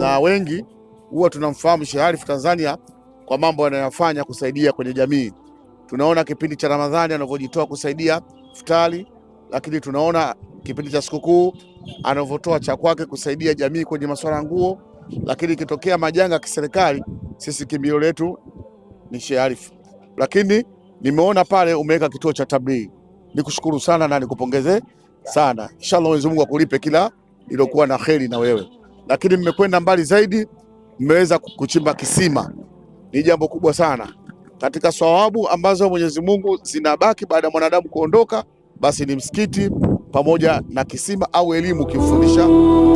na wengi huwa tunamfahamu Sheikh Arif Tanzania kwa mambo anayofanya kusaidia kwenye jamii. Tunaona kipindi cha Ramadhani anavyojitoa kusaidia futari, lakini tunaona kipindi cha sikukuu anavyotoa cha kwake kusaidia jamii kwenye masuala ya nguo, lakini ikitokea majanga ya kiserikali, sisi kimbilio letu ni Sheikh Arif lakini nimeona pale umeweka kituo cha tablii. Nikushukuru sana na nikupongeze sana. Inshallah Mwenyezi Mungu akulipe kila iliyokuwa na kheri na wewe, lakini mmekwenda mbali zaidi, mmeweza kuchimba kisima, ni jambo kubwa sana katika sawabu ambazo Mwenyezi Mungu zinabaki baada ya mwanadamu kuondoka, basi ni msikiti pamoja na kisima au elimu kifundisha